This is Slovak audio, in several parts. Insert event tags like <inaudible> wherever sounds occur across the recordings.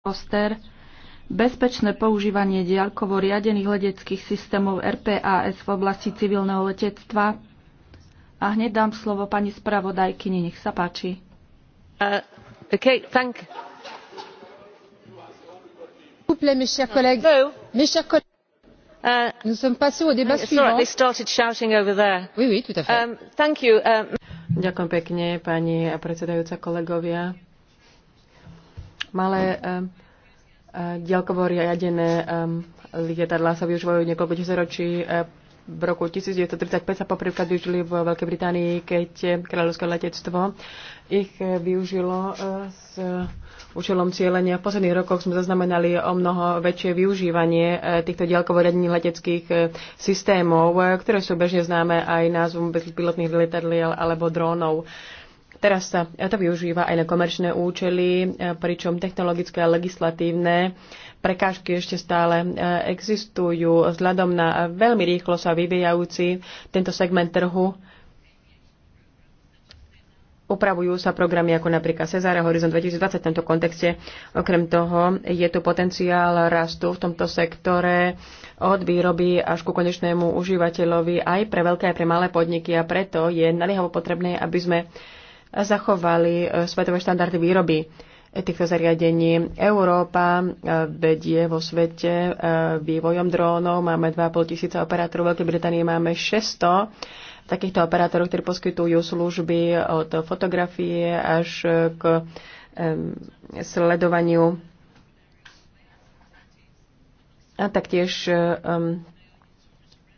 Oster, bezpečné používanie diaľkovo riadených leteckých systémov RPAS v oblasti civilného letectva. A hneď dám slovo pani spravodajkyni, nech sa páči. Uh, okay, thank Ďakujem pekne, pani predsedajúca, kolegovia. Malé eh, eh, dielkovo riadené eh, lietadla sa využívajú niekoľko tisíročí. V roku 1935 sa poprvýkrát využili v Veľkej Británii, keď kráľovské letectvo ich využilo s účelom cieľenia. V posledných rokoch sme zaznamenali o mnoho väčšie využívanie týchto diaľkovo leteckých systémov, ktoré sú bežne známe aj názvom bezpilotných lietadiel alebo drónov. Teraz sa to využíva aj na komerčné účely, e, pričom technologické a legislatívne prekážky ešte stále e, existujú. Vzhľadom na veľmi rýchlo sa vyvíjajúci tento segment trhu upravujú sa programy ako napríklad Cezara Horizon 2020 v tomto kontexte. Okrem toho je tu potenciál rastu v tomto sektore od výroby až ku konečnému užívateľovi aj pre veľké aj pre malé podniky a preto je naliehavo potrebné, aby sme zachovali e, svetové štandardy výroby týchto zariadení. Európa e, vedie vo svete e, vývojom drónov. Máme 2,5 tisíca operátorov. V Veľkej Británii máme 600 takýchto operátorov, ktorí poskytujú služby od fotografie až k sledovaniu a taktiež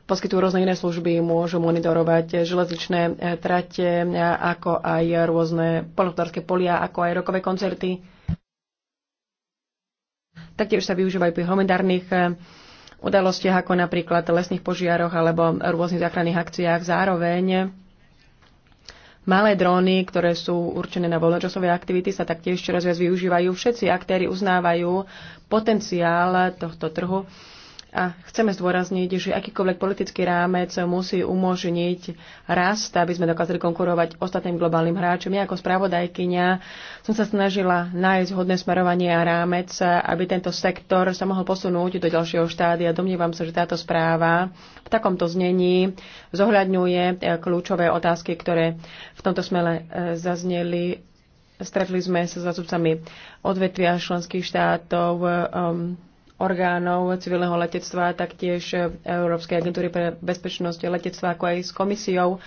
poskytujú rôzne iné služby, môžu monitorovať železničné e, trate, e, ako aj rôzne polnohospodárske polia, ako aj rokové koncerty. Taktiež sa využívajú pri homendárnych e, udalostiach, ako napríklad lesných požiaroch alebo rôznych záchranných akciách. Zároveň Malé dróny, ktoré sú určené na voľnočasové aktivity, sa taktiež čoraz viac využívajú. Všetci aktéry uznávajú potenciál tohto trhu a chceme zdôrazniť, že akýkoľvek politický rámec musí umožniť rast, aby sme dokázali konkurovať ostatným globálnym hráčom. Ja ako spravodajkyňa som sa snažila nájsť hodné smerovanie a rámec, aby tento sektor sa mohol posunúť do ďalšieho štádia. Domnievam sa, že táto správa v takomto znení zohľadňuje eh, kľúčové otázky, ktoré v tomto smele eh, zazneli. Stretli sme sa s zástupcami odvetvia členských štátov, eh, um, orgánov civilného letectva, taktiež Európskej agentúry pre bezpečnosť letectva, ako aj s komisiou.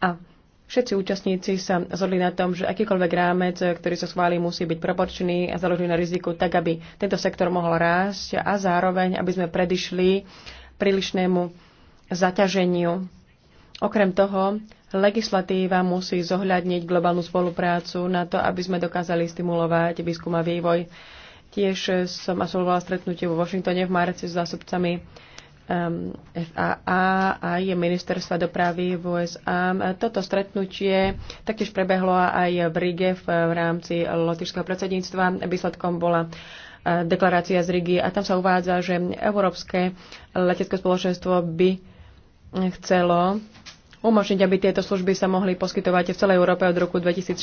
A všetci účastníci sa zhodli na tom, že akýkoľvek rámec, ktorý sa schválí, musí byť proporčný a založený na riziku, tak aby tento sektor mohol rásť a zároveň, aby sme predišli prílišnému zaťaženiu. Okrem toho, legislatíva musí zohľadniť globálnu spoluprácu na to, aby sme dokázali stimulovať výskum a vývoj. Tiež eh, som absolvovala stretnutie vo Washingtone v marci s zásobcami um, ehm, FAA a je ministerstva dopravy v USA. Ehm, toto stretnutie taktiež prebehlo aj v Rige v, eh, v rámci lotišského predsedníctva. Výsledkom bola eh, deklarácia z Rigi a tam sa uvádza, že Európske letecké spoločenstvo by chcelo umožniť, aby tieto služby sa mohli poskytovať v celej Európe od roku 2016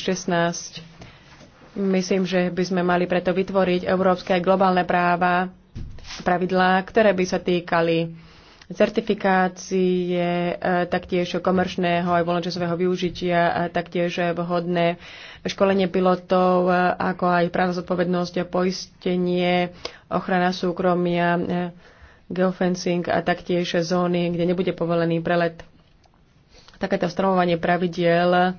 Myslím, že by sme mali preto vytvoriť európske aj globálne práva, pravidlá, ktoré by sa týkali certifikácie, e, taktiež komerčného aj voľnočasového využitia, taktiež vhodné školenie pilotov, e, ako aj právna zodpovednosť, a poistenie, ochrana súkromia, e, geofencing a taktiež zóny, kde nebude povolený prelet. Takéto stromovanie pravidiel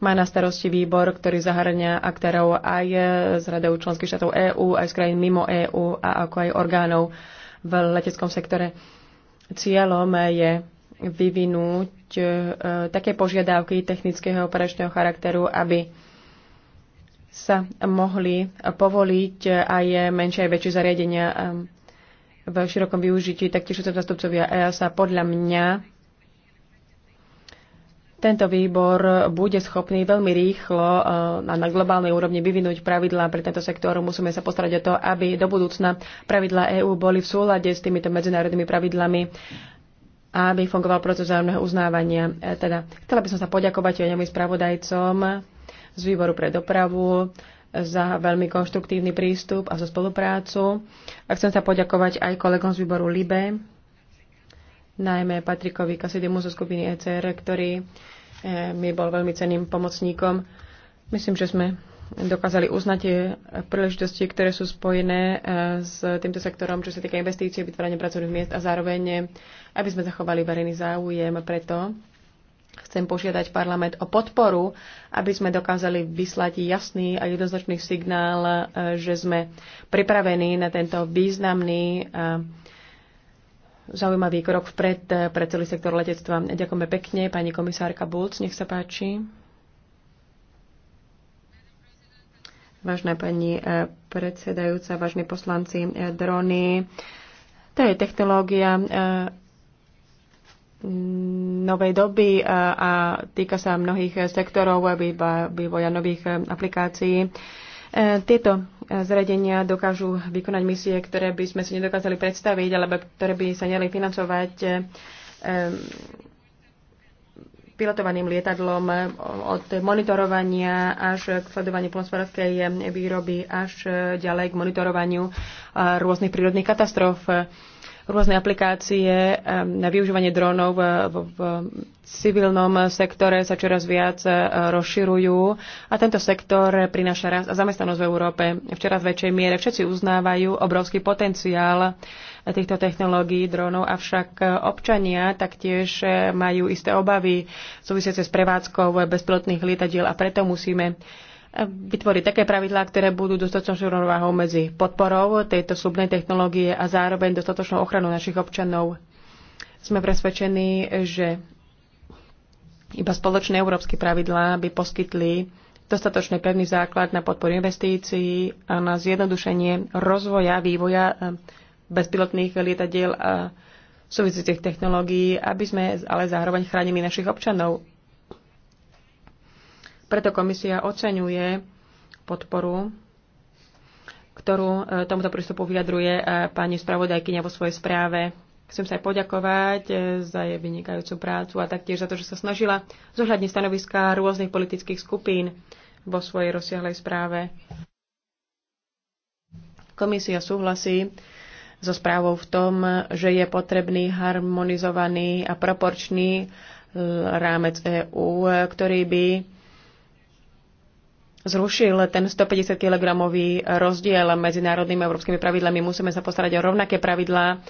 má na starosti výbor, ktorý zahrania aktérov aj z radou členských štátov EÚ, aj z krajín mimo EÚ a ako aj orgánov v leteckom sektore. Cieľom je vyvinúť e, také požiadavky technického operačného charakteru, aby sa mohli povoliť aj menšie aj väčšie zariadenia e, v širokom využití, taktiež sú zastupcovia EASA. Podľa mňa tento výbor bude schopný veľmi rýchlo eh, a na globálnej úrovni vyvinúť pravidlá pre tento sektor. Musíme sa postarať o to, aby do budúcna pravidlá EÚ boli v súlade s týmito medzinárodnými pravidlami a aby fungoval proces vzájomného uznávania. Eh, teda, chcela by som sa poďakovať aj spravodajcom z výboru pre dopravu, eh, za veľmi konštruktívny prístup a za spoluprácu. A chcem sa poďakovať aj kolegom z výboru LIBE, najmä Patrikovi Kasidimu zo skupiny ECR, ktorý eh, mi bol veľmi ceným pomocníkom. Myslím, že sme dokázali uznať tie príležitosti, ktoré sú spojené eh, s týmto sektorom, čo sa týka investície, vytvárania pracovných miest a zároveň, eh, aby sme zachovali verejný záujem. Preto chcem požiadať parlament o podporu, aby sme dokázali vyslať jasný a jednoznačný signál, že sme pripravení na tento významný zaujímavý krok vpred eh, pre celý sektor letectva. Ďakujeme pekne. Pani komisárka Bulc, nech sa páči. Vážna pani eh, predsedajúca, vážni poslanci, eh, drony, to je technológia novej doby a týka sa mnohých sektorov vývoja nových aplikácií. E, tieto e, zredenia dokážu vykonať misie, ktoré by sme si nedokázali predstaviť, alebo ktoré by sa neli financovať e, pilotovaným lietadlom od monitorovania až k sledovaniu plnospodárskej výroby až ďalej k monitorovaniu rôznych prírodných katastrof rôzne aplikácie na využívanie drónov v, v, v civilnom sektore sa čoraz viac e, rozširujú a tento sektor prináša rast a zamestnanosť v Európe v čoraz väčšej miere. Všetci uznávajú obrovský potenciál týchto technológií drónov, avšak občania taktiež e, majú isté obavy súvisiace s prevádzkou bezpilotných lietadiel a preto musíme vytvoriť také pravidlá, ktoré budú dostatočnou rovnováhou medzi podporou tejto slubnej technológie a zároveň dostatočnou ochranou našich občanov. Sme presvedčení, že iba spoločné európske pravidlá by poskytli dostatočný pevný základ na podporu investícií a na zjednodušenie rozvoja, vývoja eh, bezpilotných lietadiel a súvisiacich technológií, aby sme ale zároveň chránili našich občanov. Preto komisia oceňuje podporu, ktorú e, tomuto prístupu vyjadruje e, pani spravodajkyňa vo svojej správe. Chcem sa aj poďakovať e, za jej vynikajúcu prácu a taktiež za to, že sa snažila zohľadniť stanoviska rôznych politických skupín vo svojej rozsiahlej správe. Komisia súhlasí so správou v tom, že je potrebný harmonizovaný a proporčný rámec EÚ, ktorý by zrušil ten 150 kg rozdiel medzi národnými a európskymi pravidlami. Musíme sa postarať o rovnaké pravidlá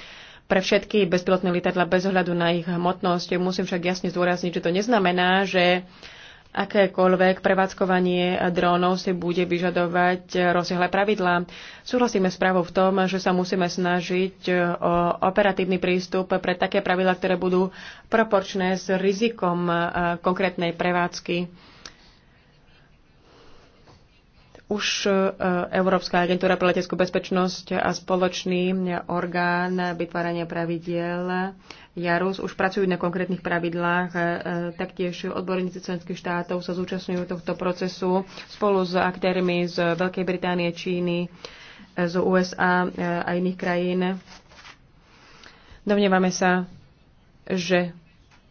pre všetky bezpilotné lietadla bez ohľadu na ich hmotnosť. Musím však jasne zdôrazniť, že to neznamená, že akékoľvek prevádzkovanie drónov si bude vyžadovať rozsiahle pravidlá. Súhlasíme s právou v tom, že sa musíme snažiť o operatívny prístup pre také pravidlá, ktoré budú proporčné s rizikom eh, konkrétnej prevádzky už e, Európska agentúra pre leteckú bezpečnosť a spoločný e, orgán vytvárania pravidiel JARUS už pracujú na konkrétnych pravidlách. E, taktiež odborníci členských štátov sa zúčastňujú tohto procesu spolu s aktérmi z Veľkej Británie, Číny, z USA a iných krajín. Domnievame sa, že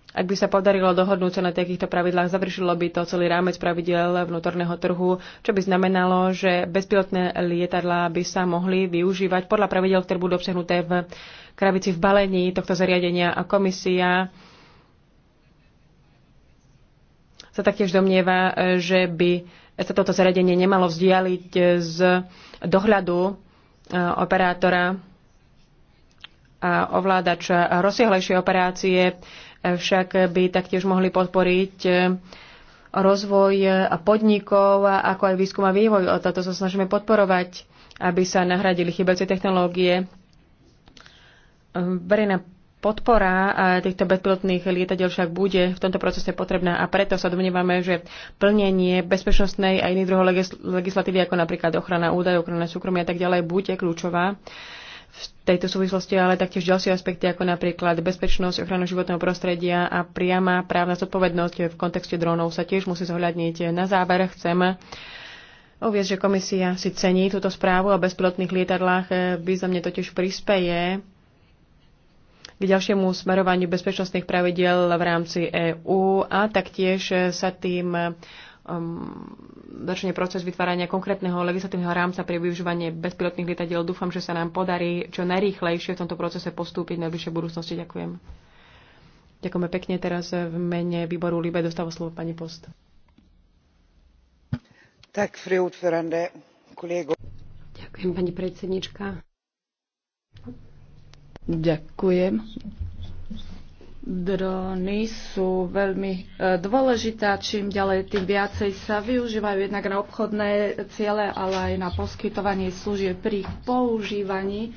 ak by sa podarilo dohodnúť sa na takýchto pravidlách, završilo by to celý rámec pravidel vnútorného trhu, čo by znamenalo, že bezpilotné lietadlá by sa mohli využívať podľa pravidel, ktoré budú obsahnuté v krabici v balení tohto zariadenia a komisia sa taktiež domnieva, že by sa toto zariadenie nemalo vzdialiť z dohľadu e, operátora a ovládača rozsiahlejšie operácie však by taktiež mohli podporiť e, rozvoj podnikov, ako aj výskum a vývoj. O toto sa snažíme podporovať, aby sa nahradili chybajúce technológie. Verejná podpora týchto bezpilotných lietadiel však bude v tomto procese potrebná a preto sa domnievame, že plnenie bezpečnostnej a iných druhov legislatívy, ako napríklad ochrana údajov, ochrana súkromia a tak ďalej, bude kľúčová v tejto súvislosti, ale taktiež ďalšie aspekty, ako napríklad bezpečnosť, ochranu životného prostredia a priama právna zodpovednosť v kontexte drónov sa tiež musí zohľadniť. Na záver chcem uviec, že komisia si cení túto správu o bezpilotných lietadlách, významne totiž prispeje k ďalšiemu smerovaniu bezpečnostných pravidiel v rámci EÚ a taktiež sa tým um, začne proces vytvárania konkrétneho legislatívneho rámca pre využívanie bezpilotných lietadiel. Dúfam, že sa nám podarí čo najrýchlejšie v tomto procese postúpiť v najbližšej budúcnosti. Ďakujem. Ďakujeme pekne. Teraz v mene výboru Libe dostáva slovo pani Post. Tak, frúdferande, kolego. Ďakujem, pani predsednička. Ďakujem. Drony sú veľmi e, dôležité čím ďalej, tým viacej sa využívajú jednak na obchodné ciele, ale aj na poskytovanie služieb pri ich používaní.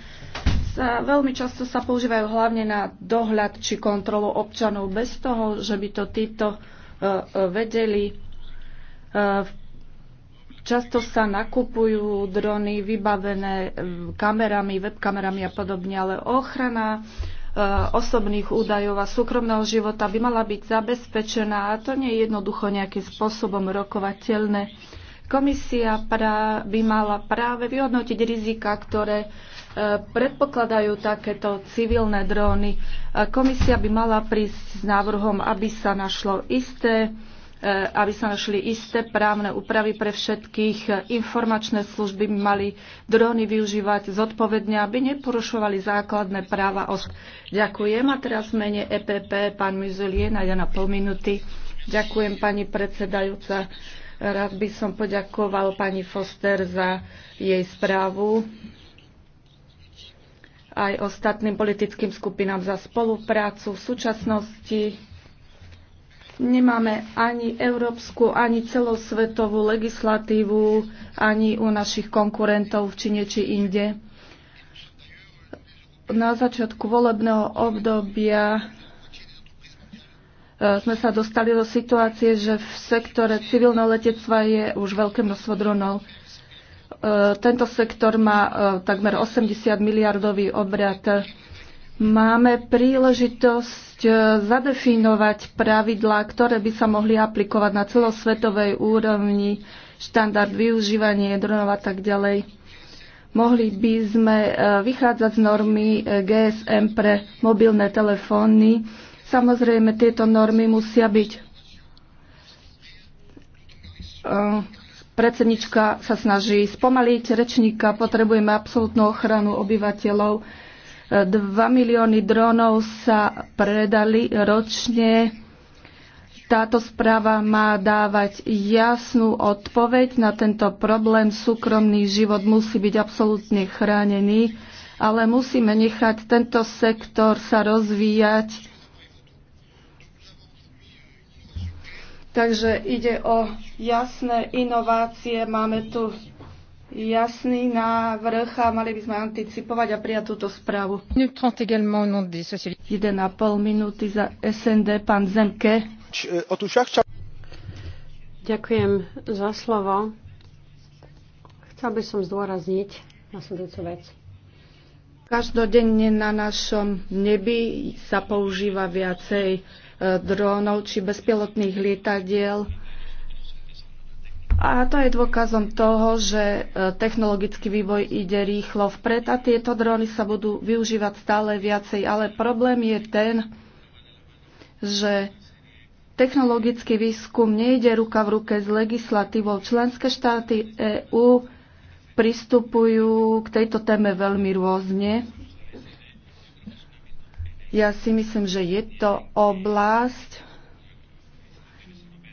Sa, veľmi často sa používajú hlavne na dohľad či kontrolu občanov bez toho, že by to títo e, e, vedeli. Často sa nakupujú drony vybavené kamerami, webkamerami a podobne, ale ochrana Eh, osobných údajov a súkromného života by mala byť zabezpečená a to nie je jednoducho nejakým spôsobom rokovateľné. Komisia pra, by mala práve vyhodnotiť rizika, ktoré eh, predpokladajú takéto civilné dróny. Komisia by mala prísť s návrhom, aby sa našlo isté Eh, aby sa našli isté právne úpravy pre všetkých. Informačné služby by mali dróny využívať zodpovedne, aby neporušovali základné práva osob. Ďakujem a teraz mene EPP pán Muzelie na pol minúty. Ďakujem pani predsedajúca. Rád by som poďakoval pani Foster za jej správu aj ostatným politickým skupinám za spoluprácu. V súčasnosti Nemáme ani európsku, ani celosvetovú legislatívu, ani u našich konkurentov v Číne či inde. Na začiatku volebného obdobia e, sme sa dostali do situácie, že v sektore civilného letectva je už veľké množstvo dronov. E, tento sektor má e, takmer 80 miliardový obrat. Máme príležitosť Eh, zadefinovať pravidlá, ktoré by sa mohli aplikovať na celosvetovej úrovni, štandard využívania dronov a tak ďalej. Mohli by sme eh, vychádzať z normy eh, GSM pre mobilné telefóny. Samozrejme, tieto normy musia byť. Predsednička sa snaží spomaliť rečníka, potrebujeme absolútnu ochranu obyvateľov 2 milióny dronov sa predali ročne. Táto správa má dávať jasnú odpoveď na tento problém. Súkromný život musí byť absolútne chránený, ale musíme nechať tento sektor sa rozvíjať. Takže ide o jasné inovácie. Máme tu jasný návrh a mali by sme anticipovať a prijať túto správu. 1,5 minúty za SND, pán Zemke. E, Ďakujem za slovo. Chcel by som zdôrazniť nasledujúcu vec. Každodenne na našom nebi sa používa viacej e, drónov či bezpilotných lietadiel a to je dôkazom toho, že e, technologický vývoj ide rýchlo vpred a tieto dróny sa budú využívať stále viacej. Ale problém je ten, že technologický výskum nejde ruka v ruke s legislatívou. Členské štáty EÚ pristupujú k tejto téme veľmi rôzne. Ja si myslím, že je to oblasť,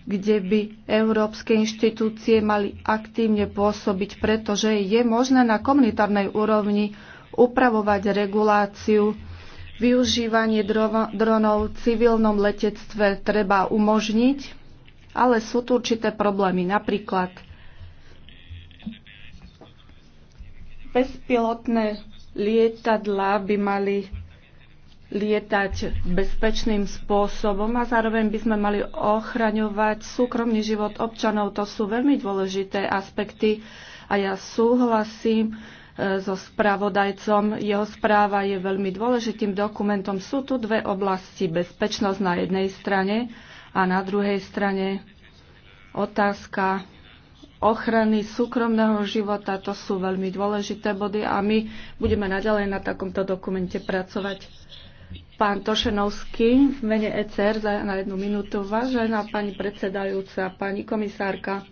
kde by európske inštitúcie mali aktívne pôsobiť, pretože je možné na komunitárnej úrovni upravovať reguláciu. Využívanie dronov v civilnom letectve treba umožniť, ale sú tu určité problémy. Napríklad bezpilotné lietadlá by mali lietať bezpečným spôsobom a zároveň by sme mali ochraňovať súkromný život občanov. To sú veľmi dôležité aspekty a ja súhlasím e, so spravodajcom. Jeho správa je veľmi dôležitým dokumentom. Sú tu dve oblasti. Bezpečnosť na jednej strane a na druhej strane otázka ochrany súkromného života. To sú veľmi dôležité body a my budeme naďalej na takomto dokumente pracovať. Pán Tošenovský v mene ECR za na jednu minútu. Vážená pani predsedajúca, pani komisárka,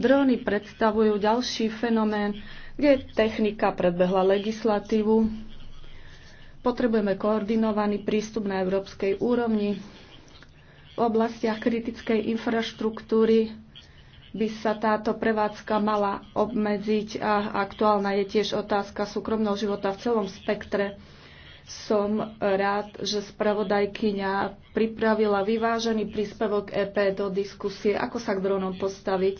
dróny predstavujú ďalší fenomén, kde technika predbehla legislatívu. Potrebujeme koordinovaný prístup na európskej úrovni. V oblastiach kritickej infraštruktúry by sa táto prevádzka mala obmedziť a aktuálna je tiež otázka súkromného života v celom spektre som rád, že spravodajkyňa pripravila vyvážený príspevok EP do diskusie, ako sa k dronom postaviť.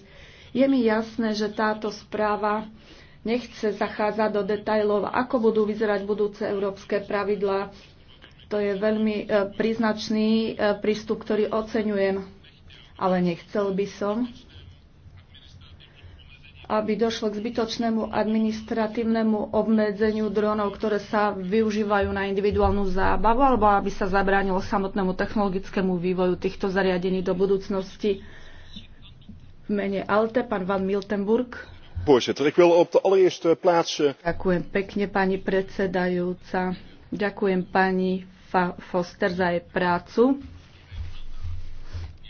Je mi jasné, že táto správa nechce zachádzať do detajlov, ako budú vyzerať budúce európske pravidlá. To je veľmi e, príznačný e, prístup, ktorý oceňujem. Ale nechcel by som, aby došlo k zbytočnému administratívnemu obmedzeniu dronov, ktoré sa využívajú na individuálnu zábavu, alebo aby sa zabránilo samotnému technologickému vývoju týchto zariadení do budúcnosti. V mene ALTE, pán Van Miltenburg. Eh, Ďakujem pekne, pani predsedajúca. Ďakujem pani Foster za jej prácu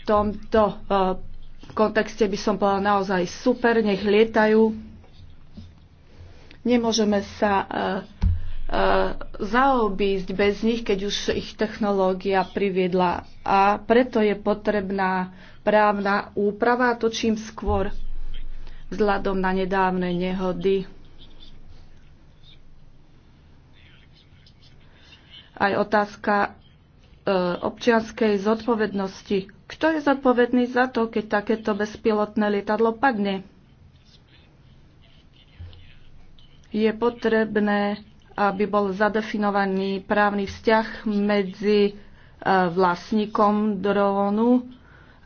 tomto eh, kontexte by som povedala naozaj super, nech lietajú. Nemôžeme sa uh, e, uh, e, zaobísť bez nich, keď už ich technológia priviedla. A preto je potrebná právna úprava, to čím skôr, vzhľadom na nedávne nehody. Aj otázka e, občianskej zodpovednosti kto je zodpovedný za to, keď takéto bezpilotné lietadlo padne? Je potrebné, aby bol zadefinovaný právny vzťah medzi e, vlastníkom drónu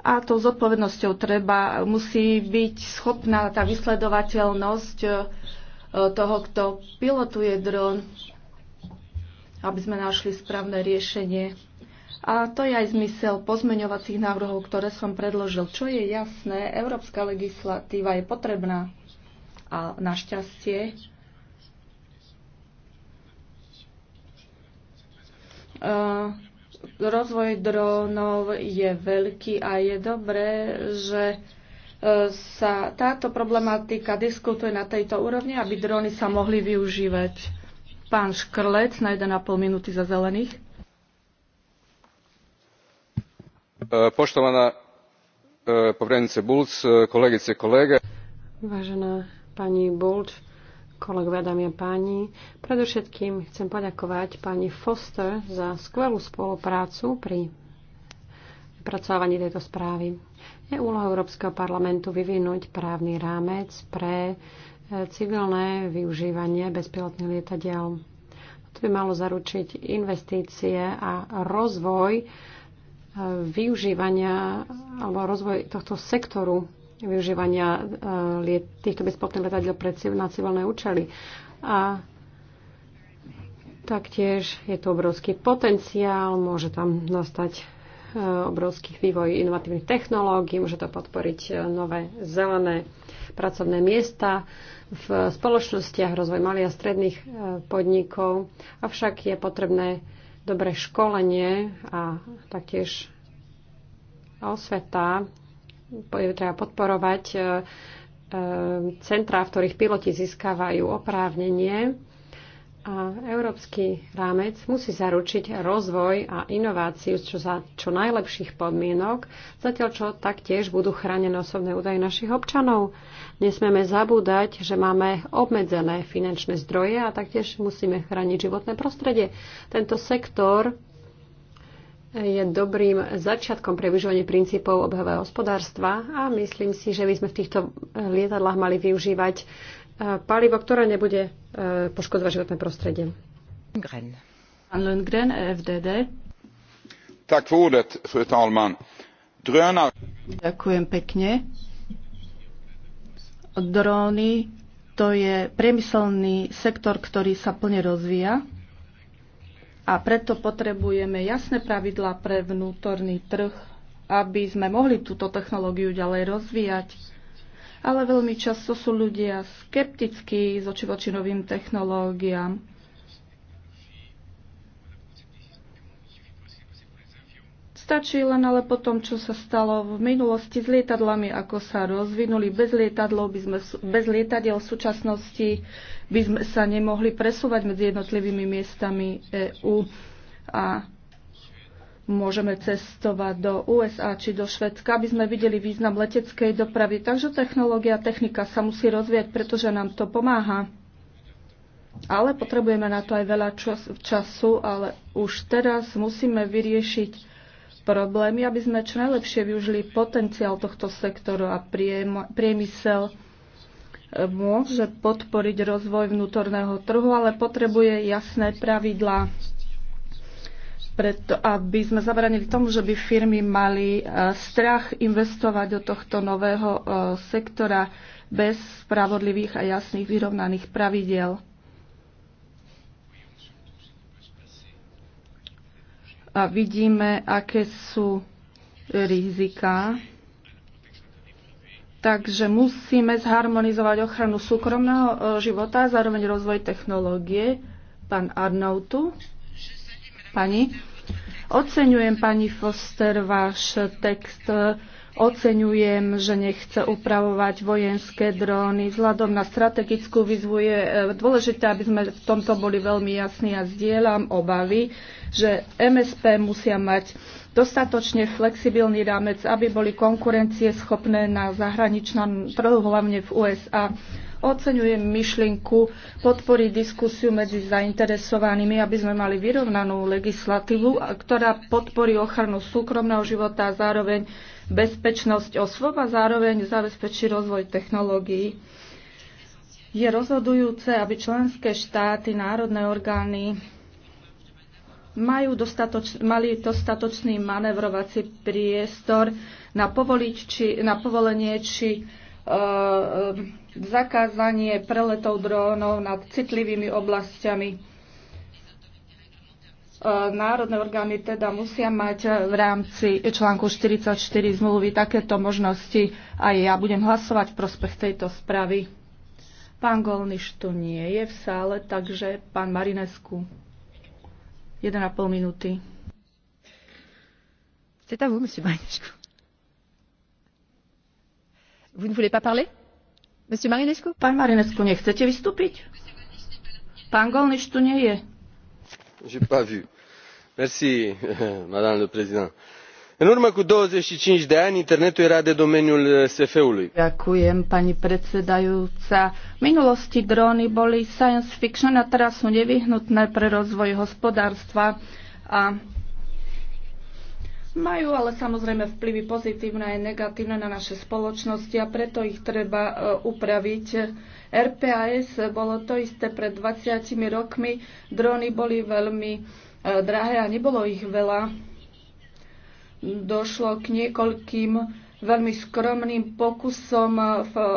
a tou zodpovednosťou treba, musí byť schopná tá vysledovateľnosť e, toho, kto pilotuje dron, aby sme našli správne riešenie. A to je aj zmysel pozmeňovacích návrhov, ktoré som predložil. Čo je jasné, európska legislatíva je potrebná. A našťastie e, rozvoj drónov je veľký a je dobré, že e, sa táto problematika diskutuje na tejto úrovni, aby dróny sa mohli využívať. Pán Škrlec na 1,5 minúty za zelených. E, poštovana e, povjerenice bulc e, kolegice i kolege pani bulc kolegovia dámy a páni predovšetkým chcem poďakovať pani foster za skvelú spoluprácu pri vypracovaní tejto správy. Je úloha Európskeho parlamentu vyvinúť právny rámec pre civilné využívanie bezpilotných lietadiel. To by malo zaručiť investície a rozvoj využívania alebo rozvoj tohto sektoru využívania e, týchto bezpotných letadiel pre, na civilné účely. A taktiež je to obrovský potenciál, môže tam nastať e, obrovský vývoj inovatívnych technológií, môže to podporiť e, nové zelené pracovné miesta v spoločnostiach, rozvoj malých a stredných podnikov. Avšak je potrebné dobré školenie a taktiež osveta. treba podporovať e, e, centrá, v ktorých piloti získavajú oprávnenie a európsky rámec musí zaručiť rozvoj a inováciu čo za čo najlepších podmienok, zatiaľ čo taktiež budú chránené osobné údaje našich občanov. Nesmieme zabúdať, že máme obmedzené finančné zdroje a taktiež musíme chrániť životné prostredie. Tento sektor je dobrým začiatkom pre využívanie princípov obehového hospodárstva a myslím si, že by sme v týchto lietadlách mali využívať e, palivo, ktoré nebude e, poškodovať životné prostredie. Lundgren, FDD. Tak fru talman. Ďakujem pekne. Dróny to je priemyselný sektor, ktorý sa plne rozvíja a preto potrebujeme jasné pravidlá pre vnútorný trh, aby sme mohli túto technológiu ďalej rozvíjať. Ale veľmi často sú ľudia skeptickí z očivočinovým novým technológiám Stačí len ale po tom, čo sa stalo v minulosti s lietadlami, ako sa rozvinuli bez lietadlov, by sme, bez lietadiel v súčasnosti by sme sa nemohli presúvať medzi jednotlivými miestami EÚ a môžeme cestovať do USA či do Švedska, aby sme videli význam leteckej dopravy. Takže technológia, technika sa musí rozvíjať, pretože nám to pomáha. Ale potrebujeme na to aj veľa času, ale už teraz musíme vyriešiť problémy, aby sme čo najlepšie využili potenciál tohto sektoru a priemysel e, môže podporiť rozvoj vnútorného trhu, ale potrebuje jasné pravidlá, preto, aby sme zabranili tomu, že by firmy mali e, strach investovať do tohto nového e, sektora bez spravodlivých a jasných vyrovnaných pravidiel. a vidíme, aké sú rizika. Takže musíme zharmonizovať ochranu súkromného e, života a zároveň rozvoj technológie. Pán Arnautu. Pani. Oceňujem, pani Foster, váš text e, Oceňujem, že nechce upravovať vojenské dróny. Vzhľadom na strategickú výzvu je e, dôležité, aby sme v tomto boli veľmi jasní a ja zdieľam obavy, že MSP musia mať dostatočne flexibilný rámec, aby boli schopné na zahraničnom trhu, hlavne v USA. Oceňujem myšlienku podporiť diskusiu medzi zainteresovanými, aby sme mali vyrovnanú legislatívu, ktorá podporí ochranu súkromného života a zároveň bezpečnosť osôb a zároveň zabezpečí rozvoj technológií. Je rozhodujúce, aby členské štáty, národné orgány majú dostatoč, mali dostatočný manevrovací priestor na, povoliť, či, na povolenie či uh, zakázanie preletov drónov nad citlivými oblastiami E, národné orgány teda musia mať e, v rámci článku 44 zmluvy takéto možnosti. A ja budem hlasovať v prospech tejto správy. Pán Golniš tu nie je v sále, takže pán Marinesku, 1,5 minúty. C'est à vous, monsieur Marinescu. Vous ne voulez pas parler Monsieur Marinescu Pán Marinescu, nechcete vystúpiť? Pán Golniš tu nie je. <laughs> doamnă președintă în urmă cu douăzeci și cinci de ani internetul era de domeniul sf ului. Ďakujem, pani predsedajúca. V minulosti dróny boli science fiction a teraz sú nevyhnutné pre rozvoj hospodárstva a majú ale samozrejme vplyvy pozitívne aj negatívne na naše spoločnosti a preto ich treba e, upraviť. RPAS bolo to isté pred 20 rokmi. Dróny boli veľmi e, drahé a nebolo ich veľa. Došlo k niekoľkým veľmi skromným pokusom v e,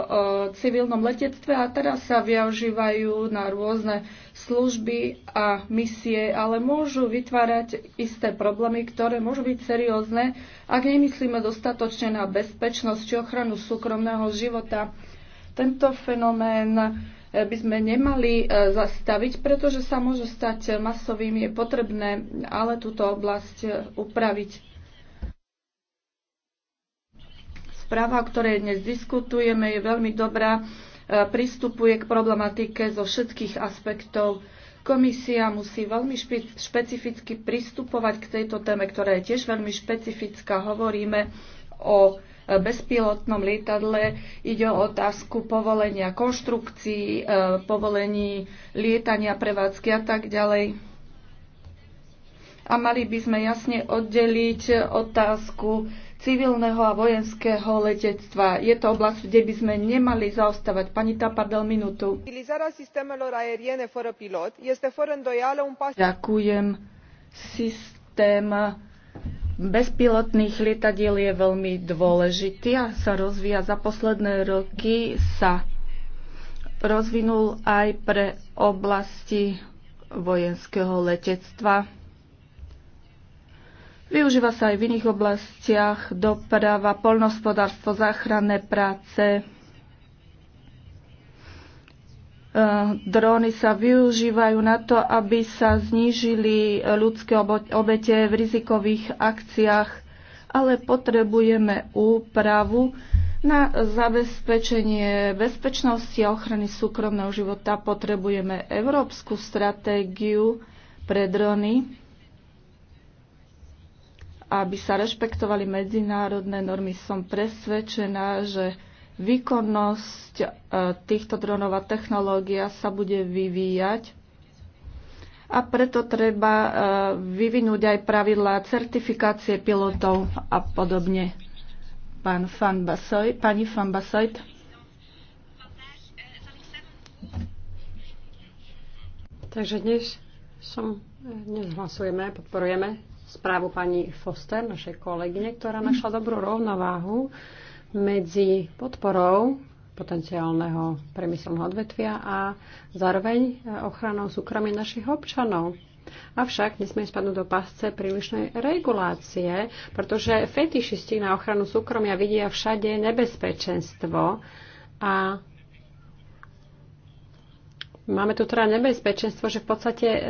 civilnom letectve a teraz sa využívajú na rôzne služby a misie, ale môžu vytvárať isté problémy, ktoré môžu byť seriózne, ak nemyslíme dostatočne na bezpečnosť či ochranu súkromného života. Tento fenomén e, by sme nemali e, zastaviť, pretože sa môže stať masovým, je potrebné ale túto oblasť upraviť. Správa, o ktorej dnes diskutujeme, je veľmi dobrá, e, pristupuje k problematike zo všetkých aspektov. Komisia musí veľmi špecificky pristupovať k tejto téme, ktorá je tiež veľmi špecifická. Hovoríme o e, bezpilotnom lietadle. Ide o otázku povolenia konštrukcií, e, povolení lietania, prevádzky a tak ďalej. A mali by sme jasne oddeliť otázku civilného a vojenského letectva. Je to oblasť, kde by sme nemali zaostávať. Pani Tapadel, minútu. Ďakujem. Systém bezpilotných lietadiel je veľmi dôležitý a sa rozvíja za posledné roky sa rozvinul aj pre oblasti vojenského letectva. Využíva sa aj v iných oblastiach, doprava, polnospodárstvo, záchranné práce. E, dróny sa využívajú na to, aby sa znížili ľudské obete v rizikových akciách, ale potrebujeme úpravu na zabezpečenie bezpečnosti a ochrany súkromného života. Potrebujeme európsku stratégiu pre drony aby sa rešpektovali medzinárodné normy. Som presvedčená, že výkonnosť e, týchto dronov a technológia sa bude vyvíjať a preto treba e, vyvinúť aj pravidlá certifikácie pilotov a podobne. Pán Fan Basoy, pani Fan Basoy. Takže dnes som, e, dnes hlasujeme, podporujeme správu pani Foster, našej kolegyne, ktorá našla dobrú rovnováhu medzi podporou potenciálneho priemyselného odvetvia a zároveň e, ochranou súkromia našich občanov. Avšak nesmie spadnúť do pasce prílišnej regulácie, pretože fetišisti na ochranu súkromia vidia všade nebezpečenstvo a máme tu teda nebezpečenstvo, že v podstate e,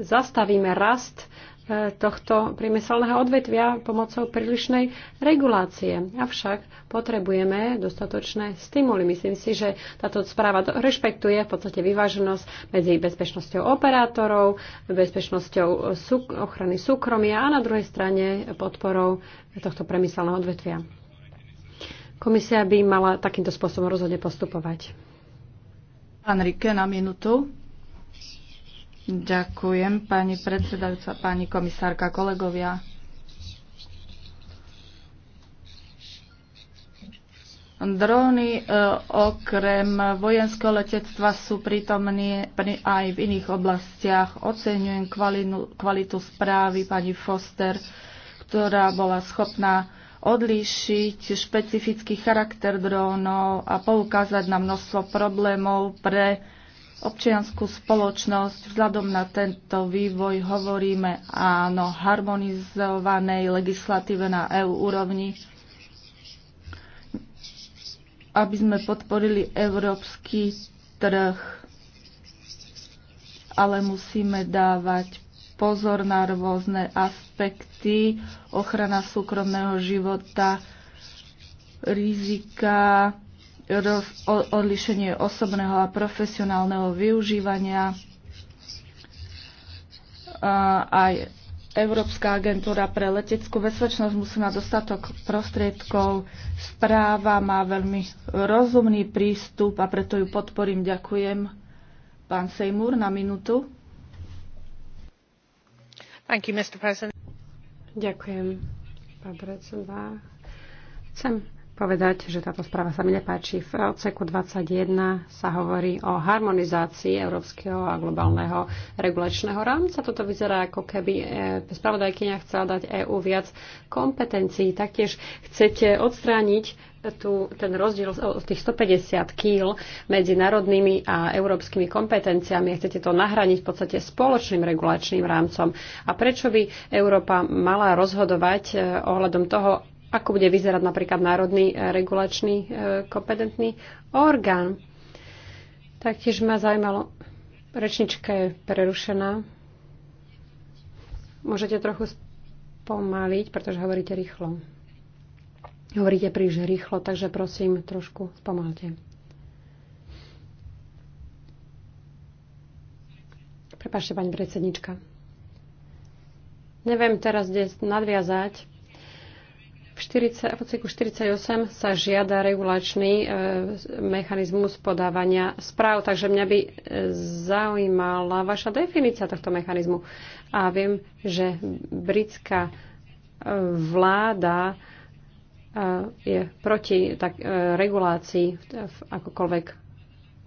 zastavíme rast E, tohto priemyselného odvetvia pomocou prílišnej regulácie. Avšak potrebujeme dostatočné stimuly. Myslím si, že táto správa rešpektuje v podstate vyváženosť medzi bezpečnosťou operátorov, bezpečnosťou ochrany súkromia a na druhej strane podporou tohto priemyselného odvetvia. Komisia by mala takýmto spôsobom rozhodne postupovať. Pán Rike, na minútu. Ďakujem, pani predsedajúca, pani komisárka, kolegovia. Dróny e, okrem vojenského letectva sú prítomné aj v iných oblastiach. Oceňujem kvalitu, kvalitu správy pani Foster, ktorá bola schopná odlíšiť špecifický charakter drónov a poukázať na množstvo problémov pre občianskú spoločnosť. Vzhľadom na tento vývoj hovoríme áno harmonizovanej legislatíve na EU úrovni, aby sme podporili európsky trh, ale musíme dávať pozor na rôzne aspekty, ochrana súkromného života, rizika, odlišenie osobného a profesionálneho využívania. Aj Európska agentúra pre leteckú bezpečnosť musí mať dostatok prostriedkov. Správa má veľmi rozumný prístup a preto ju podporím. Ďakujem. Pán Sejmur na minútu. Thank you, Mr. President. Ďakujem, pán predseda. Chcem povedať, že táto správa sa mi nepáči. V odseku 21 sa hovorí o harmonizácii európskeho a globálneho regulačného rámca. Toto vyzerá ako keby e, spravodajkynia chcela dať EÚ viac kompetencií. Taktiež chcete odstrániť tu, ten rozdiel z tých 150 kýl medzi národnými a európskymi kompetenciami chcete to nahraniť v podstate spoločným regulačným rámcom. A prečo by Európa mala rozhodovať e, ohľadom toho, ako bude vyzerať napríklad národný e, regulačný e, kompetentný orgán. Taktiež ma zaujímalo, rečnička je prerušená. Môžete trochu spomaliť, pretože hovoríte rýchlo. Hovoríte príliš rýchlo, takže prosím, trošku spomalte. Prepašte, pani predsednička. Neviem teraz, kde nadviazať, v, 40, v odseku 48 sa žiada regulačný e, mechanizmus podávania správ, takže mňa by e, zaujímala vaša definícia tohto mechanizmu. A viem, že britská e, vláda e, je proti tak, regulácii v akokoľvek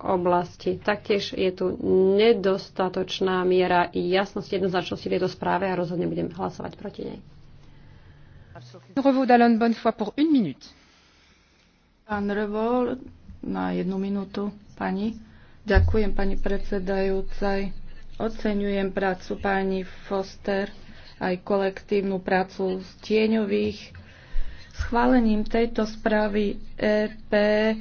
oblasti. Taktiež je tu nedostatočná miera jasnosti, jednoznačnosti tejto správe a rozhodne budem hlasovať proti nej na jednu minútu, pani Oceňujem prácu pani Foster, aj kolektívnu prácu z tieňových. Schválením tejto správy EP e,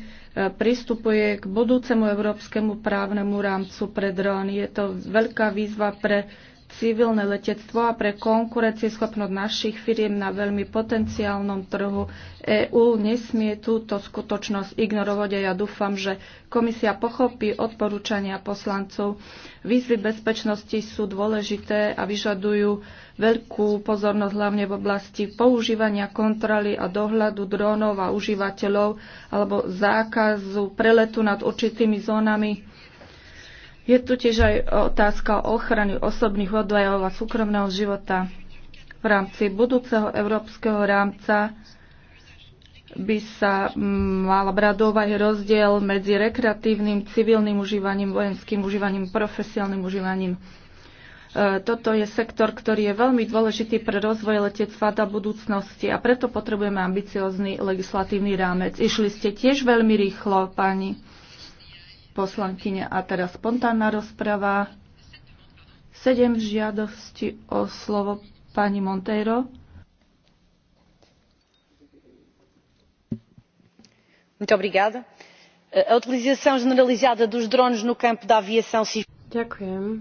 pristupuje k budúcemu európskemu právnemu rámcu pre dróny. Je to veľká výzva pre civilné letectvo a pre konkurencieschopnosť našich firiem na veľmi potenciálnom trhu EÚ nesmie túto skutočnosť ignorovať a ja dúfam, že komisia pochopí odporúčania poslancov. Výzvy bezpečnosti sú dôležité a vyžadujú veľkú pozornosť hlavne v oblasti používania kontroly a dohľadu drónov a užívateľov alebo zákazu preletu nad určitými zónami je tu tiež aj otázka o ochrany osobných odvajov a súkromného života. V rámci budúceho európskeho rámca by sa mm, mal brať do rozdiel medzi rekreatívnym, civilným užívaním, vojenským užívaním, profesionálnym užívaním. E, toto je sektor, ktorý je veľmi dôležitý pre rozvoj letectva do budúcnosti a preto potrebujeme ambiciózny legislatívny rámec. Išli ste tiež veľmi rýchlo, pani poslankyne. A teraz spontánna rozprava. Sedem žiadosti o slovo pani Monteiro. Muito obrigada. A utilização generalizada dos drones no campo da aviação civil. Ďakujem.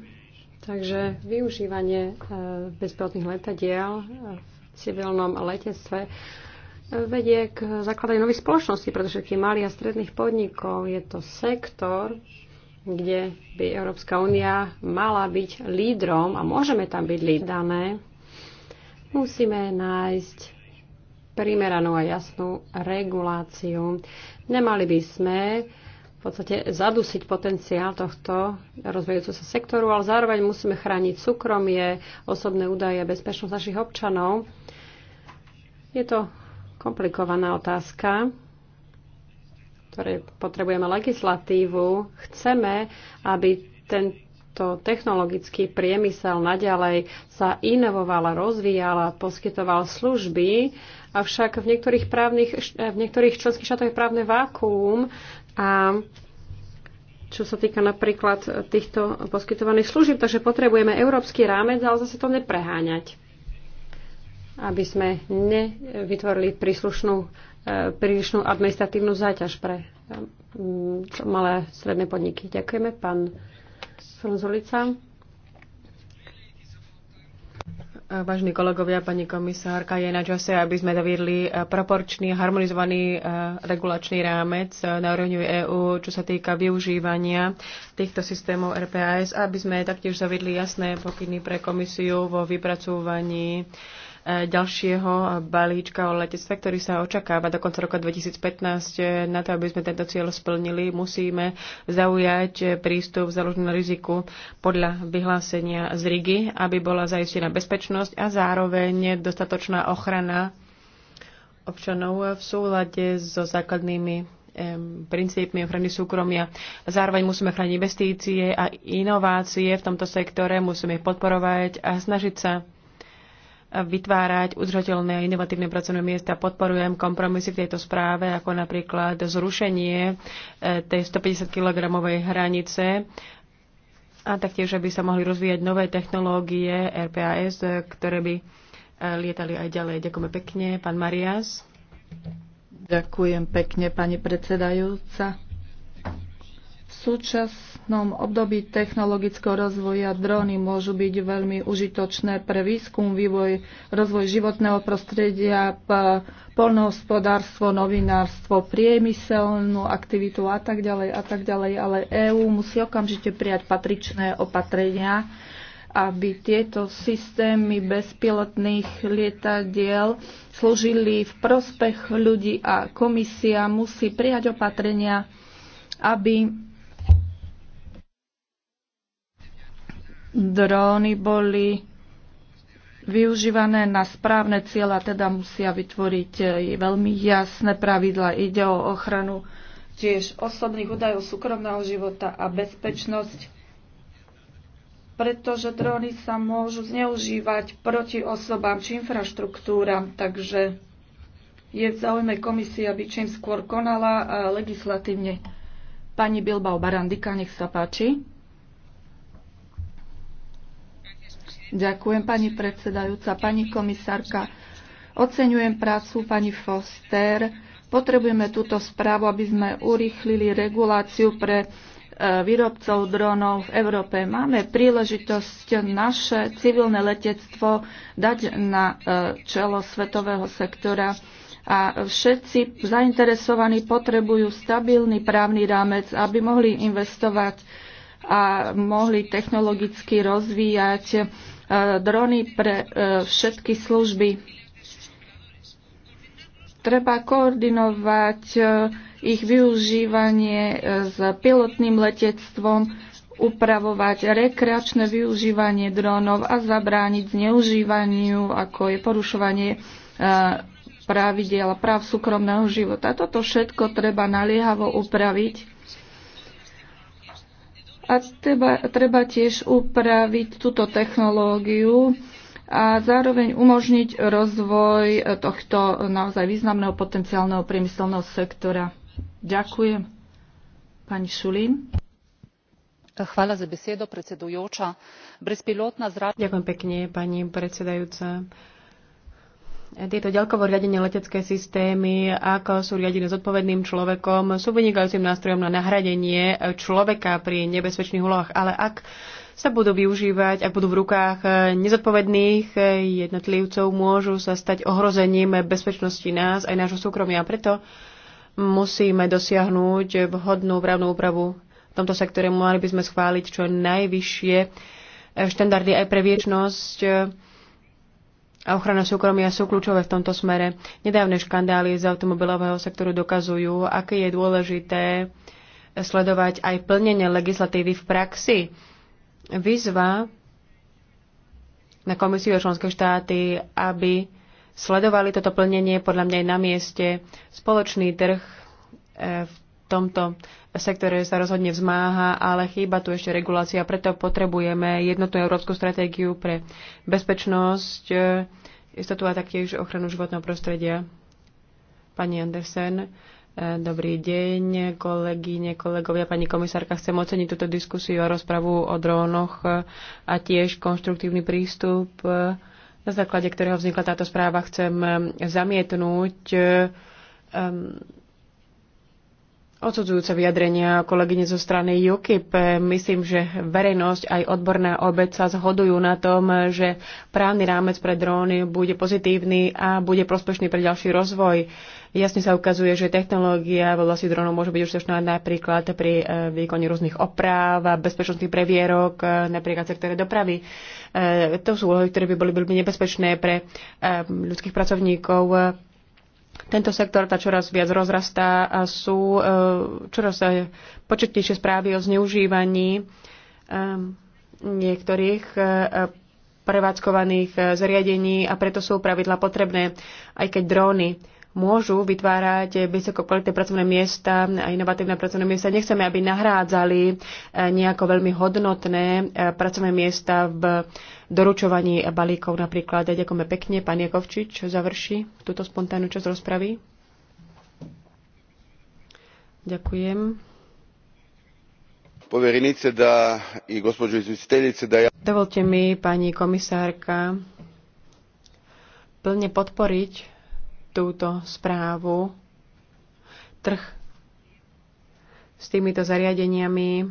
Takže využívanie eh, bezpilotných letadiel eh, v civilnom letectve vedie k zakladaniu nových spoločností, pretože tých malých a stredných podnikov je to sektor, kde by Európska únia mala byť lídrom a môžeme tam byť lídané, musíme nájsť primeranú a jasnú reguláciu. Nemali by sme v podstate zadusiť potenciál tohto rozvíjajúceho sa sektoru, ale zároveň musíme chrániť súkromie, osobné údaje a bezpečnosť našich občanov. Je to komplikovaná otázka, ktoré potrebujeme legislatívu. Chceme, aby tento technologický priemysel naďalej sa inovoval, rozvíjal a poskytoval služby, avšak v niektorých, právnych, eh, v niektorých členských štátoch je právne vákuum a čo sa týka napríklad týchto poskytovaných služieb, takže potrebujeme európsky rámec, ale zase to nepreháňať aby sme nevytvorili príslušnú, e, prílišnú administratívnu záťaž pre e, malé stredné podniky. Ďakujeme, pán Slnzulica. E, vážení kolegovia, pani komisárka, je na čase, aby sme zaviedli proporčný, harmonizovaný regulačný rámec na úrovni EÚ, čo sa týka využívania týchto systémov RPAS, aby sme taktiež zaviedli jasné pokyny pre komisiu vo vypracúvaní E, ďalšieho balíčka o letectve, ktorý sa očakáva do konca roka 2015. Na to, aby sme tento cieľ splnili, musíme zaujať prístup založený na riziku podľa vyhlásenia z Rigi, aby bola zaistená bezpečnosť a zároveň dostatočná ochrana občanov v súlade so základnými princípmi ochrany súkromia. Zároveň musíme chrániť investície a inovácie v tomto sektore, musíme ich podporovať a snažiť sa vytvárať udržateľné a inovatívne pracovné miesta. Podporujem kompromisy v tejto správe, ako napríklad zrušenie e, tej 150-kilogramovej hranice a taktiež, aby sa mohli rozvíjať nové technológie RPAS, ktoré by e, lietali aj ďalej. Ďakujeme pekne. Pán Marias. Ďakujem pekne, pani predsedajúca. Súčasť súčasnom období technologického rozvoja dróny môžu byť veľmi užitočné pre výskum, vývoj, rozvoj životného prostredia, polnohospodárstvo, novinárstvo, priemyselnú aktivitu a tak ďalej a tak ďalej, ale EÚ musí okamžite prijať patričné opatrenia, aby tieto systémy bezpilotných lietadiel slúžili v prospech ľudí a komisia musí prijať opatrenia, aby dróny boli využívané na správne cieľa, teda musia vytvoriť e, veľmi jasné pravidla. Ide o ochranu tiež osobných údajov súkromného života a bezpečnosť, pretože dróny sa môžu zneužívať proti osobám či infraštruktúram, takže je v záujme komisie, aby čím skôr konala e, legislatívne. Pani Bilbao Barandika, nech sa páči. Ďakujem, pani predsedajúca, pani komisárka. Oceňujem prácu pani Foster. Potrebujeme túto správu, aby sme urýchlili reguláciu pre e, výrobcov dronov v Európe. Máme príležitosť naše civilné letectvo dať na e, čelo svetového sektora a všetci zainteresovaní potrebujú stabilný právny rámec, aby mohli investovať a mohli technologicky rozvíjať drony pre e, všetky služby. Treba koordinovať e, ich využívanie e, s pilotným letectvom, upravovať rekreačné využívanie dronov a zabrániť zneužívaniu, ako je porušovanie pravidel a práv súkromného života. Toto všetko treba naliehavo upraviť a treba, treba tiež upraviť túto technológiu a zároveň umožniť rozvoj tohto naozaj významného potenciálneho priemyselného sektora. Ďakujem. Pani Šulín. Hvala za besedo, predsedujúča. Brezpilotná zračná... Ďakujem pekne, pani predsedajúca tieto ďalkovo riadenie letecké systémy, ako sú riadené zodpovedným človekom, sú vynikajúcim nástrojom na nahradenie človeka pri nebezpečných úlohách. Ale ak sa budú využívať, ak budú v rukách nezodpovedných jednotlivcov, môžu sa stať ohrozením bezpečnosti nás aj nášho súkromia. Preto musíme dosiahnuť vhodnú právnu úpravu v tomto sektore. Mali by sme schváliť čo najvyššie štandardy aj pre viečnosť a ochrana súkromia sú kľúčové v tomto smere. Nedávne škandály z automobilového sektoru dokazujú, aké je dôležité sledovať aj plnenie legislatívy v praxi. Výzva na komisiu a členské štáty, aby sledovali toto plnenie, podľa mňa aj na mieste. Spoločný trh eh, v tomto sektore sa rozhodne vzmáha, ale chýba tu ešte regulácia, preto potrebujeme jednotnú európsku stratégiu pre bezpečnosť, e, istotu a taktiež ochranu životného prostredia. Pani Andersen, e, dobrý deň, kolegyne, kolegovia, pani komisárka, chcem oceniť túto diskusiu a rozpravu o drónoch e, a tiež konštruktívny prístup, na základe ktorého vznikla táto správa. Chcem zamietnúť um, odsudzujúce vyjadrenia kolegyne zo strany UKIP. Myslím, že verejnosť aj odborná obec sa zhodujú na tom, že právny rámec pre dróny bude pozitívny a bude prospešný pre ďalší rozvoj. Jasne sa ukazuje, že technológia v oblasti drónov môže byť užitočná napríklad pri e, výkone rôznych opráv a bezpečnostných previerok, e, napríklad sektore dopravy. E, to sú úlohy, ktoré by boli veľmi nebezpečné pre ľudských pracovníkov tento sektor tá čoraz viac rozrastá a sú e, čoraz e, početnejšie správy o zneužívaní e, niektorých prevádzkovaných zariadení a preto sú pravidla potrebné, aj keď dróny môžu vytvárať vysokokvalitné pracovné miesta a inovatívne pracovné miesta. Nechceme, aby nahrádzali eh, nejako veľmi hodnotné eh, pracovné miesta v doručovaní balíkov napríklad. Ďakujeme pekne. pani Jakovčič završí túto spontánnu časť rozpravy. Ďakujem. Poverenice da i gospođo izvjestiteljice da ja... Dovolte mi, pani komisárka, plne podporiť túto správu. Trh s týmito zariadeniami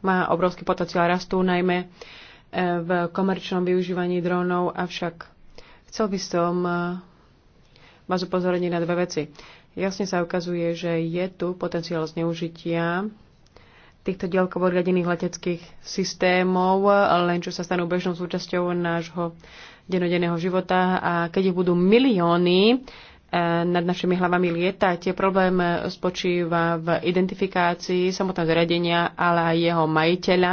má obrovský potenciál rastu, najmä e, v komerčnom využívaní drónov, avšak chcel by som e, vás upozorniť na dve veci. Jasne sa ukazuje, že je tu potenciál zneužitia týchto dielkovo riadených leteckých systémov, len čo sa stanú bežnou súčasťou nášho denodenného života a keď ich budú milióny eh, nad našimi hlavami lietať, problém spočíva v identifikácii samotného zariadenia, ale aj jeho majiteľa.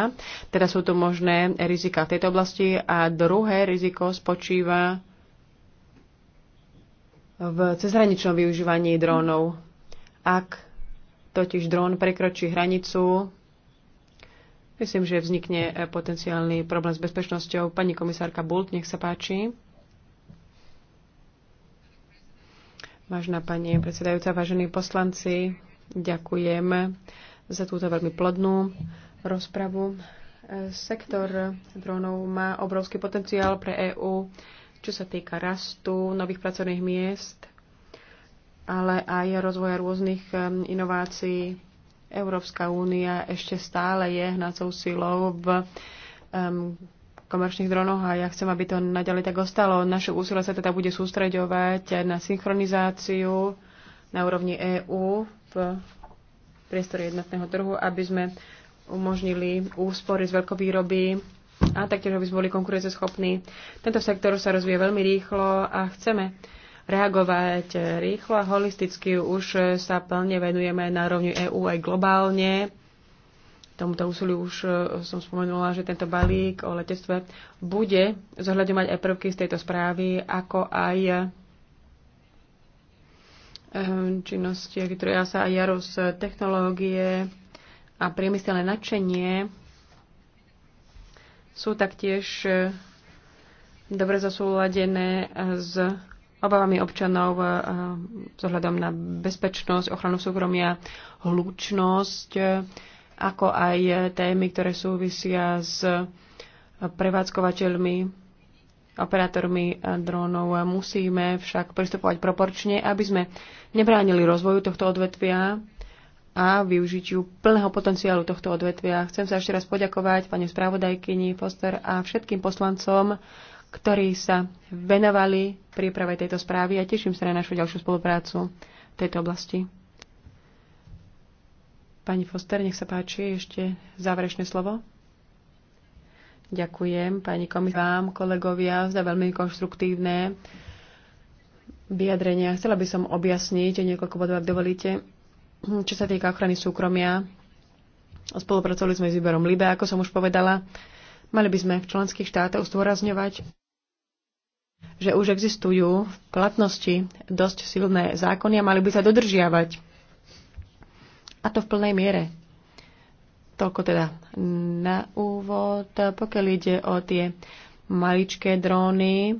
Teda sú tu možné rizika v tejto oblasti a druhé riziko spočíva v cezhraničnom využívaní drónov. Ak totiž drón prekročí hranicu, Myslím, že vznikne eh, potenciálny problém s bezpečnosťou. Pani komisárka Bult, nech sa páči. Vážená pani predsedajúca, vážení poslanci, ďakujem za túto veľmi plodnú rozpravu. Eh, sektor dronov má obrovský potenciál pre EÚ, čo sa týka rastu nových pracovných miest, ale aj rozvoja rôznych eh, inovácií Európska únia ešte stále je hnacou silou v um, komerčných dronoch a ja chcem, aby to naďalej tak ostalo. Naše úsilie sa teda bude sústreďovať na synchronizáciu na úrovni EÚ v priestore jednotného trhu, aby sme umožnili úspory z veľkovýroby a taktiež, aby sme boli konkurenceschopní. Tento sektor sa rozvíja veľmi rýchlo a chceme reagovať rýchlo a holisticky. Už sa plne venujeme na rovni EÚ aj globálne. Tomuto úsiliu už e, som spomenula, že tento balík o letectve bude zohľadňovať aj prvky z tejto správy, ako aj e, činnosti, ktoré ja sa aj Jaros technológie a priemyselné nadšenie sú taktiež e, dobre zasúladené s obavami občanov vzhľadom eh, na bezpečnosť, ochranu súkromia, hlučnosť, eh, ako aj eh, témy, ktoré súvisia s prevádzkovateľmi, operátormi drónov. Musíme však pristupovať proporčne, aby sme nebránili rozvoju tohto odvetvia a využitiu plného potenciálu tohto odvetvia. Chcem sa ešte raz poďakovať pani spravodajkyni Foster a všetkým poslancom, ktorí sa venovali príprave tejto správy a teším sa na našu ďalšiu spoluprácu v tejto oblasti. Pani Foster, nech sa páči, ešte záverečné slovo. Ďakujem, pani komisár, vám, kolegovia, za veľmi konštruktívne vyjadrenia. Chcela by som objasniť niekoľko bodov, ak dovolíte. Čo sa týka ochrany súkromia, spolupracovali sme s výberom LIBE, ako som už povedala. Mali by sme v členských štátoch zdôrazňovať že už existujú v platnosti dosť silné zákony a mali by sa dodržiavať. A to v plnej miere. Toľko teda na úvod. Pokiaľ ide o tie maličké dróny,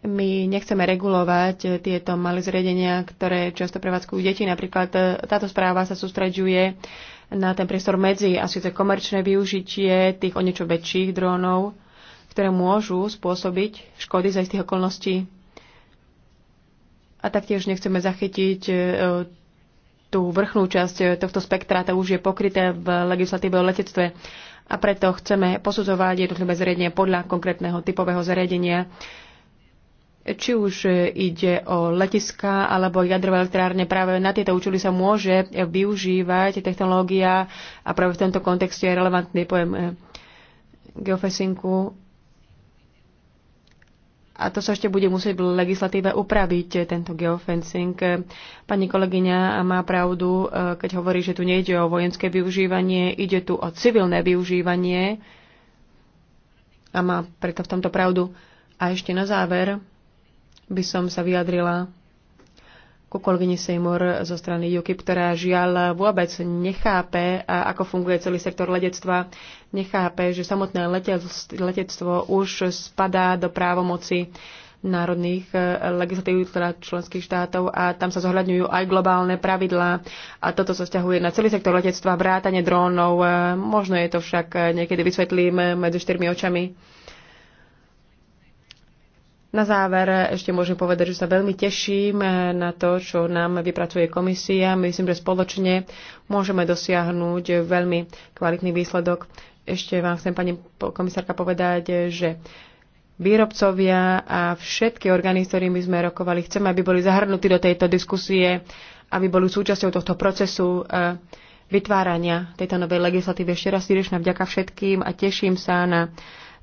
my nechceme regulovať tieto malé zriadenia, ktoré často prevádzkujú deti. Napríklad e, táto správa sa sústreďuje na ten priestor medzi a síce komerčné využitie tých o niečo väčších drónov ktoré môžu spôsobiť škody za istých okolností. A taktiež nechceme zachytiť e, tú vrchnú časť e, tohto spektra, to už je pokryté v legislatíve o letectve a preto chceme posudzovať jednotlivé zariadenie podľa konkrétneho typového zariadenia, či už ide o letiska alebo jadrové elektrárne. Práve na tieto účely sa môže využívať technológia a práve v tomto kontexte je relevantný pojem e, geofesinku a to sa ešte bude musieť v legislatíve upraviť, eh, tento geofencing. Eh, pani kolegyňa má pravdu, eh, keď hovorí, že tu nejde o vojenské využívanie, ide tu o civilné využívanie. A má preto v tomto pravdu. A ešte na záver by som sa vyjadrila ku kolegyni Seymour zo strany UKIP, ktorá žiaľ vôbec nechápe, ako funguje celý sektor letectva, nechápe, že samotné letectvo už spadá do právomoci národných e, legislatív teda členských štátov a tam sa zohľadňujú aj globálne pravidlá a toto sa vzťahuje na celý sektor letectva, vrátane drónov. E, možno je to však e, niekedy vysvetlím medzi štyrmi očami. Na záver ešte môžem povedať, že sa veľmi teším na to, čo nám vypracuje komisia. Myslím, že spoločne môžeme dosiahnuť veľmi kvalitný výsledok. Ešte vám chcem, pani komisárka, povedať, že výrobcovia a všetky orgány, s ktorými sme rokovali, chceme, aby boli zahrnutí do tejto diskusie, aby boli súčasťou tohto procesu e, vytvárania tejto novej legislatívy. Ešte raz srdečná vďaka všetkým a teším sa na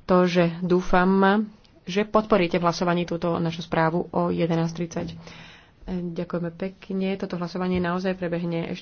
to, že dúfam, že podporíte v hlasovaní túto našu správu o 11.30. Ďakujeme pekne. Toto hlasovanie naozaj prebehne ešte.